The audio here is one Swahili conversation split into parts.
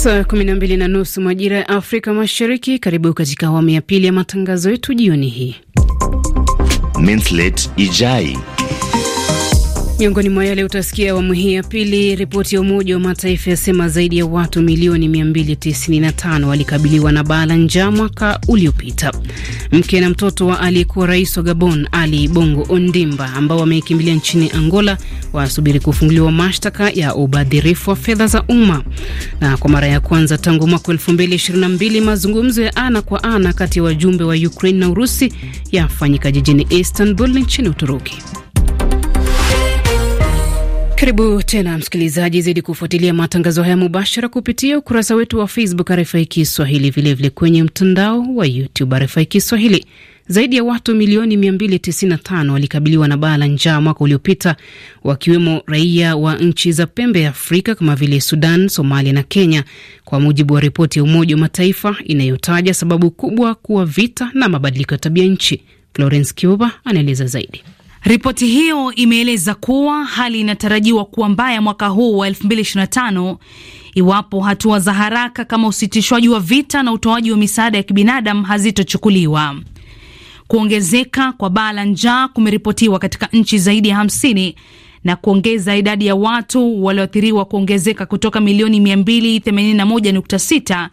Saa kumi na mbili na nusu majira ya Afrika Mashariki. Karibu katika awamu ya pili ya matangazo yetu jioni hii. Minslet Ijai Miongoni mwa yale utasikia awamu hii ya pili, ripoti ya Umoja wa Mataifa yasema zaidi ya watu milioni 295 walikabiliwa na baa la njaa mwaka uliopita. Mke na mtoto wa aliyekuwa rais wa Gabon Ali Bongo Ondimba ambao wamekimbilia nchini Angola wasubiri kufunguliwa mashtaka ya ubadhirifu wa fedha za umma. Na kwa mara ya kwanza tangu mwaka 2022 mazungumzo ya ana kwa ana kati ya wajumbe wa Ukraine na Urusi yafanyika jijini Istanbul nchini Uturuki. Karibu tena msikilizaji, zidi kufuatilia matangazo haya mubashara kupitia ukurasa wetu wa Facebook RFI Kiswahili, vilevile kwenye mtandao wa YouTube RFI Kiswahili. Zaidi ya watu milioni 295 walikabiliwa na baa la njaa mwaka uliopita, wakiwemo raia wa nchi za pembe ya Afrika kama vile Sudan, Somalia na Kenya, kwa mujibu wa ripoti ya Umoja wa Mataifa inayotaja sababu kubwa kuwa vita na mabadiliko ya tabia nchi. Florence Kiuba anaeleza zaidi. Ripoti hiyo imeeleza kuwa hali inatarajiwa kuwa mbaya mwaka huu wa 2025 iwapo hatua za haraka kama usitishwaji wa vita na utoaji wa misaada ya kibinadamu hazitochukuliwa. Kuongezeka kwa baa la njaa kumeripotiwa katika nchi zaidi ya 50 na kuongeza idadi ya watu walioathiriwa kuongezeka kutoka milioni 281.6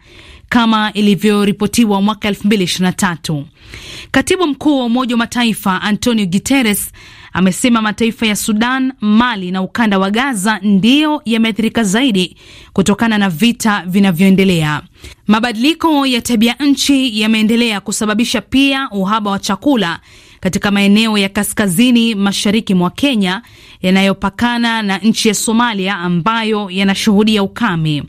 kama ilivyoripotiwa mwaka 2023. Katibu mkuu wa Umoja wa Mataifa Antonio Guterres amesema mataifa ya Sudan, Mali na ukanda wa Gaza ndiyo yameathirika zaidi kutokana na vita vinavyoendelea. Mabadiliko ya tabia nchi yameendelea kusababisha pia uhaba wa chakula katika maeneo ya kaskazini mashariki mwa Kenya yanayopakana na nchi ya Somalia ambayo yanashuhudia ukame.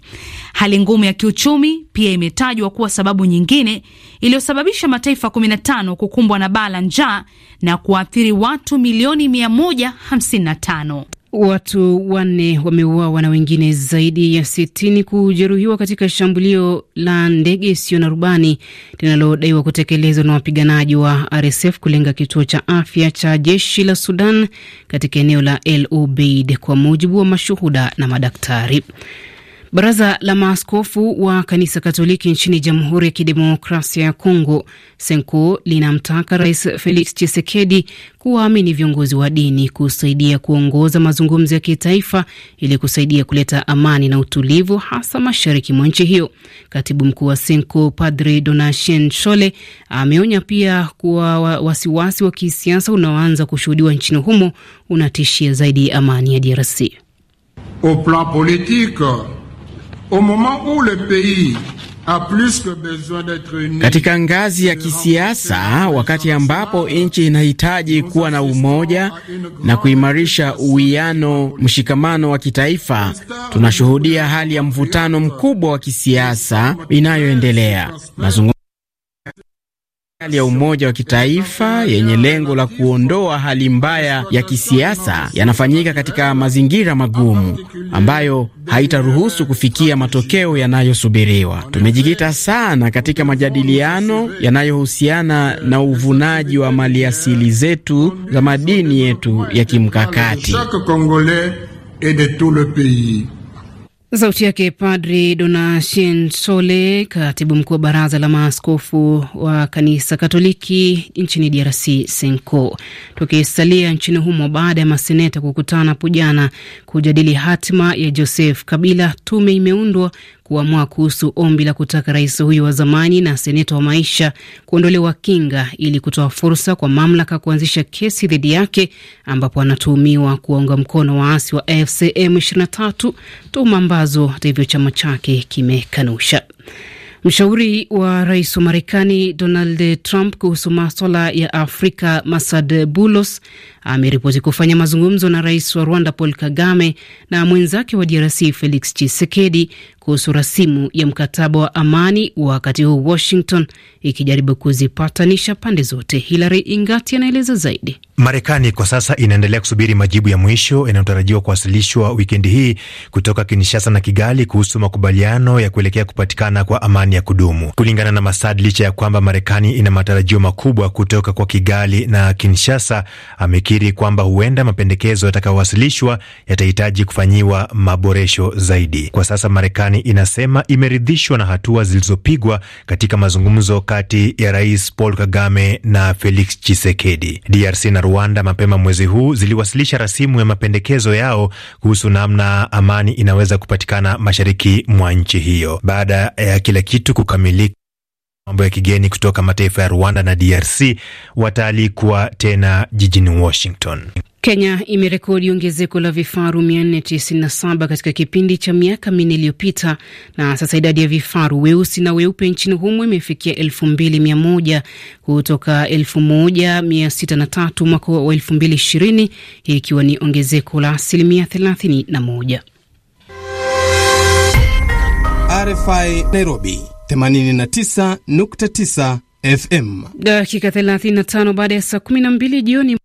Hali ngumu ya kiuchumi pia imetajwa kuwa sababu nyingine iliyosababisha mataifa 15 kukumbwa na baa la njaa na kuathiri watu milioni 155. Watu wanne wameuawa na wengine zaidi ya sitini kujeruhiwa katika shambulio la ndege isiyo na rubani linalodaiwa kutekelezwa na wapiganaji wa RSF kulenga kituo cha afya cha jeshi la Sudan katika eneo la El Obeid, kwa mujibu wa mashuhuda na madaktari. Baraza la maaskofu wa kanisa Katoliki nchini Jamhuri ya Kidemokrasia ya Kongo, SENKO, linamtaka Rais Felix chisekedi kuwaamini viongozi wa dini kusaidia kuongoza mazungumzo ya kitaifa ili kusaidia kuleta amani na utulivu, hasa mashariki mwa nchi hiyo. Katibu mkuu wa SENKO, Padre Donatien Shole, ameonya pia kuwa wasiwasi wa kisiasa unaoanza kushuhudiwa nchini humo unatishia zaidi amani ya DRC. Katika ngazi ya kisiasa, wakati ambapo nchi inahitaji kuwa na umoja na kuimarisha uwiano, mshikamano wa kitaifa, tunashuhudia hali ya mvutano mkubwa wa kisiasa inayoendelea. Mazungumzo ya umoja wa kitaifa yenye lengo la kuondoa hali mbaya ya kisiasa yanafanyika katika mazingira magumu ambayo haitaruhusu kufikia matokeo yanayosubiriwa. Tumejikita sana katika majadiliano yanayohusiana na uvunaji wa maliasili zetu za madini yetu ya kimkakati. Sauti yake Padri Donatien Sole, katibu mkuu wa baraza la maaskofu wa kanisa Katoliki nchini DRC, SENCO. Tukisalia nchini humo, baada ya maseneta kukutana hapo jana kujadili hatima ya Joseph Kabila, tume imeundwa kuamua kuhusu ombi la kutaka rais huyo wa zamani na seneta wa maisha kuondolewa kinga ili kutoa fursa kwa mamlaka kuanzisha kesi dhidi yake, ambapo anatuhumiwa kuwaunga mkono waasi wa fcm 23 tuhuma ambazo hata hivyo chama chake kimekanusha. Mshauri wa rais wa Marekani Donald Trump kuhusu maswala ya Afrika Masad Bulos ameripoti kufanya mazungumzo na rais wa Rwanda Paul Kagame na mwenzake wa DRC Felix Tshisekedi kuhusu rasimu ya mkataba wa amani, wakati huu Washington ikijaribu kuzipatanisha pande zote. Hilary Ingati anaeleza zaidi. Marekani kwa sasa inaendelea kusubiri majibu ya mwisho yanayotarajiwa kuwasilishwa wikendi hii kutoka Kinshasa na Kigali kuhusu makubaliano ya kuelekea kupatikana kwa amani ya kudumu, kulingana na Masad. Licha ya kwamba Marekani ina matarajio makubwa kutoka kwa Kigali na Kinshasa, amek akikiri kwamba huenda mapendekezo yatakayowasilishwa yatahitaji kufanyiwa maboresho zaidi. Kwa sasa Marekani inasema imeridhishwa na hatua zilizopigwa katika mazungumzo kati ya Rais Paul Kagame na Felix Tshisekedi. DRC na Rwanda mapema mwezi huu ziliwasilisha rasimu ya mapendekezo yao kuhusu namna amani inaweza kupatikana mashariki mwa nchi hiyo. Baada ya kila kitu kukamilika mambo ya kigeni kutoka mataifa ya Rwanda na DRC wataalikwa tena jijini Washington. Kenya imerekodi ongezeko la vifaru 497 katika kipindi cha miaka minne iliyopita, na sasa idadi ya vifaru weusi na weupe nchini humo imefikia 2100 kutoka 1603 mwaka wa 2020, hii ikiwa ni ongezeko la asilimia 31. RFI Nairobi 89.9 FM. Dakika 35 baada ya saa 12 jioni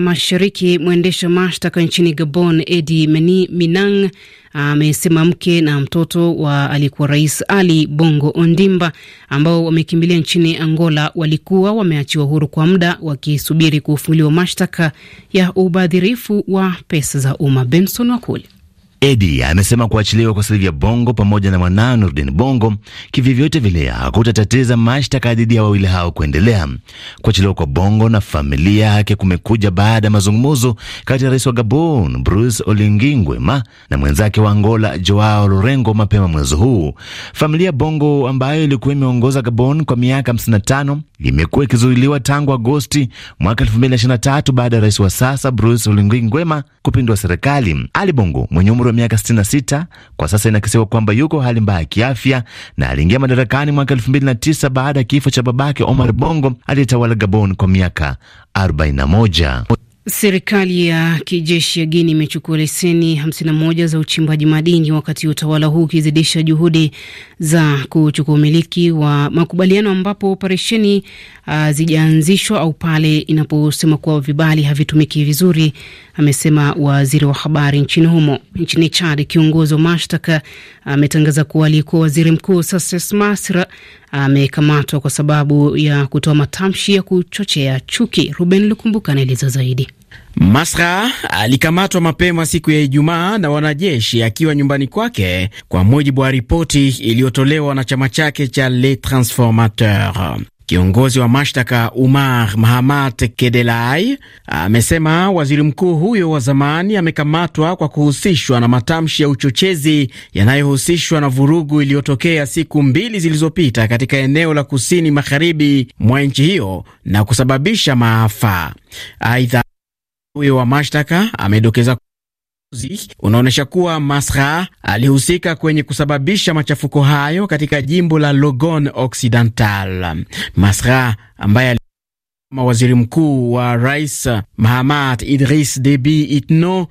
mashariki, mwendesha mashtaka nchini Gabon Edi Meni Minang amesema mke na mtoto wa aliyekuwa rais Ali Bongo Ondimba ambao wamekimbilia nchini Angola walikuwa wameachiwa huru kwa muda wakisubiri kufunguliwa mashtaka ya ubadhirifu wa pesa za umma. Benson Wakuli. Edi amesema kuachiliwa kwa Silvia Bongo pamoja na mwanao Nurdin Bongo kivyovyote vile hakutatatiza mashtaka dhidi ya wawili hao kuendelea. Kuachiliwa kwa Bongo na familia yake kumekuja baada ya mazungumzo kati ya rais wa Gabon Bruce Oligui Nguema na mwenzake wa Angola Joao lorengo mapema mwezi huu. Familia Bongo ambayo ilikuwa imeongoza Gabon kwa miaka 55 imekuwa ikizuiliwa tangu Agosti mwaka 2023 baada ya rais wa sasa Bruce Oligui Nguema kupindua serikali. Ali Bongo mwenye umri wa miaka 66 kwa sasa inakisiwa kwamba yuko hali mbaya ya kiafya na aliingia madarakani mwaka 2009 baada ya kifo cha babake Omar Bongo aliyetawala Gabon kwa miaka 41. Serikali ya kijeshi ya Guini imechukua leseni 51 za uchimbaji madini, wakati utawala huu ukizidisha juhudi za kuchukua umiliki wa makubaliano ambapo operesheni uh, zijaanzishwa au pale inaposema kuwa vibali havitumiki vizuri, amesema waziri wa habari nchini humo. Nchini Chad, kiongozi wa mashtaka ametangaza kuwa aliyekuwa waziri mkuu Sases Masra amekamatwa kwa sababu ya kutoa matamshi ya kuchochea chuki. Ruben Lukumbuka anaeleza zaidi. Masra alikamatwa mapema siku ya Ijumaa na wanajeshi akiwa nyumbani kwake, kwa mujibu wa ripoti iliyotolewa na chama chake cha Le Transformateur. Kiongozi wa mashtaka Umar Mahamat Kedelai amesema waziri mkuu huyo wa zamani amekamatwa kwa kuhusishwa na matamshi ya uchochezi yanayohusishwa na vurugu iliyotokea siku mbili zilizopita katika eneo la kusini magharibi mwa nchi hiyo na kusababisha maafa. Aidha, huyo wa mashtaka amedokeza unaonyesha kuwa Masra alihusika kwenye kusababisha machafuko hayo katika jimbo la Logon Occidental. Masra ambaye mawaziri mkuu wa Rais Mahamat Idris debi Itno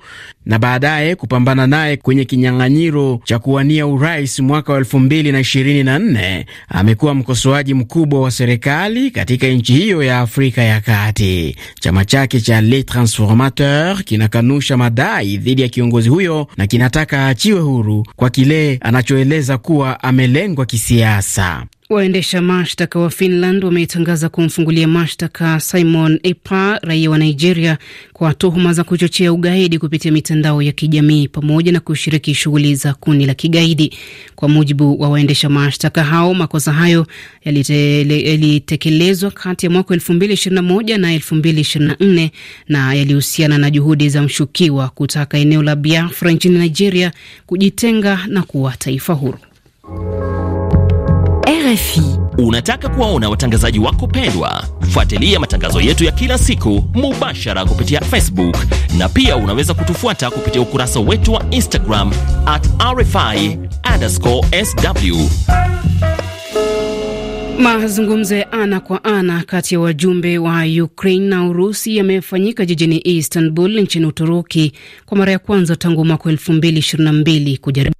na baadaye kupambana naye kwenye kinyang'anyiro cha kuwania urais mwaka wa elfu nne amekuwa mkosoaji mkubwa wa serikali katika nchi hiyo ya Afrika ya Kati. Chama chake cha Les Transformateurs kinakanusha madai dhidi ya kiongozi huyo na kinataka aachiwe huru kwa kile anachoeleza kuwa amelengwa kisiasa. Waendesha mashtaka wa Finland wametangaza kumfungulia mashtaka Simon Epa, raia wa Nigeria, kwa tuhuma za kuchochea ugaidi kupitia mitandao ya kijamii pamoja na kushiriki shughuli za kundi la kigaidi. Kwa mujibu wa waendesha mashtaka hao, makosa hayo yalitekelezwa kati ya mwaka 2021 na 2024 na yalihusiana na juhudi za mshukiwa kutaka eneo la Biafra nchini Nigeria kujitenga na kuwa taifa huru. RFI. Unataka kuwaona watangazaji wako pendwa? Fuatilia matangazo yetu ya kila siku mubashara kupitia Facebook na pia unaweza kutufuata kupitia ukurasa wetu wa Instagram at RFI underscore sw. Mazungumzo ya ana kwa ana kati ya wajumbe wa Ukraine na Urusi yamefanyika jijini Istanbul nchini Uturuki kwa mara ya kwanza tangu mwaka elfu mbili ishirini na mbili kujaribu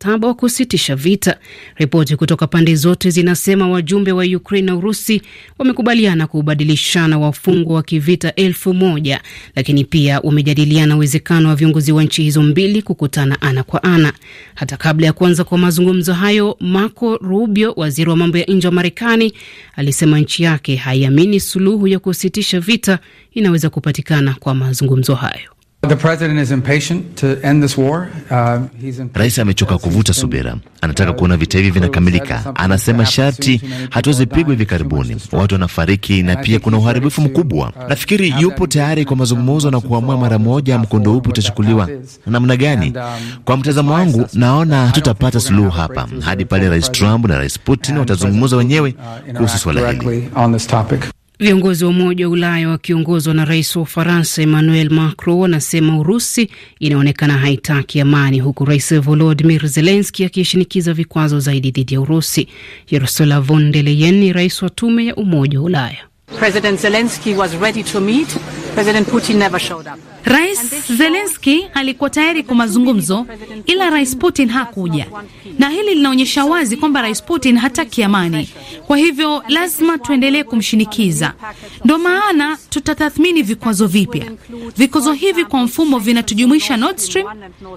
mkataba wa kusitisha vita. Ripoti kutoka pande zote zinasema wajumbe wa Ukraine na Urusi wamekubaliana kubadilishana wafungwa wa kivita elfu moja lakini pia wamejadiliana uwezekano wa viongozi wa nchi hizo mbili kukutana ana kwa ana. Hata kabla ya kuanza kwa mazungumzo hayo, Marco Rubio, waziri wa mambo ya nje wa Marekani, alisema nchi yake haiamini suluhu ya kusitisha vita inaweza kupatikana kwa mazungumzo hayo. Uh, Rais amechoka kuvuta subira, anataka uh, kuona vita hivi vinakamilika. Anasema sharti hatuwezi pigwa hivi karibuni, watu wanafariki na pia kuna uharibifu mkubwa. Uh, Nafikiri yupo tayari kwa mazungumzo na kuamua mara moja mkondo upi utachukuliwa namna gani. Um, kwa mtazamo wangu, naona hatutapata suluhu hapa hadi pale Rais Trump na Rais Putin watazungumza wenyewe kuhusu swala hili. Viongozi wa Umoja wa Ulaya wakiongozwa na rais wa Ufaransa Emmanuel Macron wanasema Urusi inaonekana haitaki amani, huku rais Volodimir Zelenski akishinikiza vikwazo zaidi dhidi ya Urusi. Ursula von der Leyen ni rais wa tume ya Umoja wa Ulaya. President Zelensky was ready to meet. President Putin never showed up. Rais Zelensky alikuwa tayari kwa mazungumzo ila Rais Putin hakuja, na hili linaonyesha wazi kwamba Rais Putin hataki amani. Kwa hivyo lazima tuendelee kumshinikiza. Ndio maana tutatathmini vikwazo vipya. Vikwazo hivi kwa mfumo vinatujumuisha Nord Stream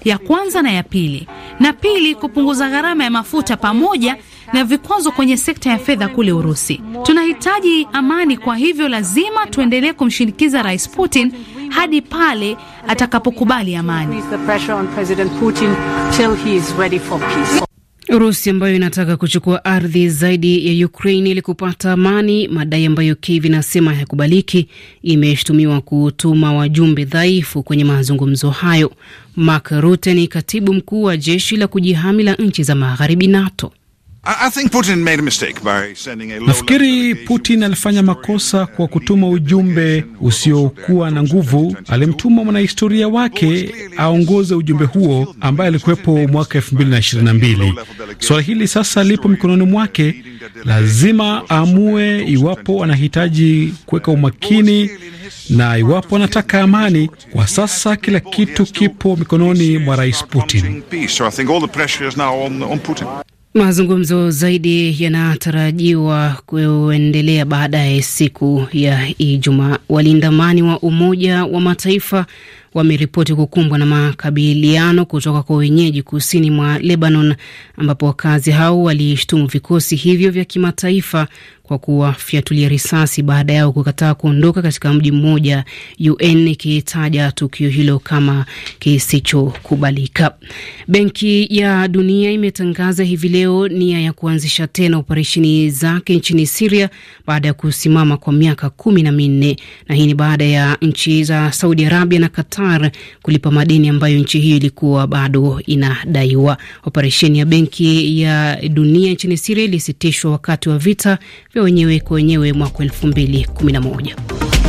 ya kwanza na ya pili, na pili kupunguza gharama ya mafuta pamoja na vikwazo kwenye sekta ya fedha kule Urusi. Tunahitaji amani, kwa hivyo lazima tuendelee kumshinikiza Rais Putin hadi pale atakapokubali amani. Urusi ambayo inataka kuchukua ardhi zaidi ya Ukraini ili kupata amani, madai ambayo Kiev inasema hayakubaliki, imeshutumiwa kutuma wajumbe dhaifu kwenye mazungumzo hayo. Mark Rutte ni katibu mkuu wa jeshi la kujihami la nchi za magharibi NATO. Nafikiri Putin alifanya makosa kwa kutuma ujumbe usiokuwa na nguvu. Alimtuma mwanahistoria wake aongoze ujumbe huo ambaye alikuwepo mwaka 2022. Suala hili sasa lipo mikononi mwake, lazima aamue iwapo anahitaji kuweka umakini na iwapo anataka amani. Kwa sasa kila kitu kipo mikononi mwa Rais Putin. Mazungumzo zaidi yanatarajiwa kuendelea baada ya siku ya Ijumaa. Walindamani wa Umoja wa Mataifa wameripoti kukumbwa na makabiliano kutoka kwa wenyeji kusini mwa Lebanon, ambapo wakazi hao walishtumu vikosi hivyo vya kimataifa kwa kuwafyatulia risasi baada yao kukataa kuondoka katika mji mmoja, UN ikitaja tukio hilo kama kisichokubalika. Benki ya Dunia imetangaza hivi leo nia ya kuanzisha tena operesheni zake nchini Siria baada ya kusimama kwa miaka kumi na minne, na hii ni baada ya nchi za Saudi Arabia na Qatar Qatar kulipa madeni ambayo nchi hiyo ilikuwa bado inadaiwa. Operesheni ya Benki ya Dunia nchini Siria ilisitishwa wakati wa vita vya wenyewe kwa wenyewe mwaka 2011.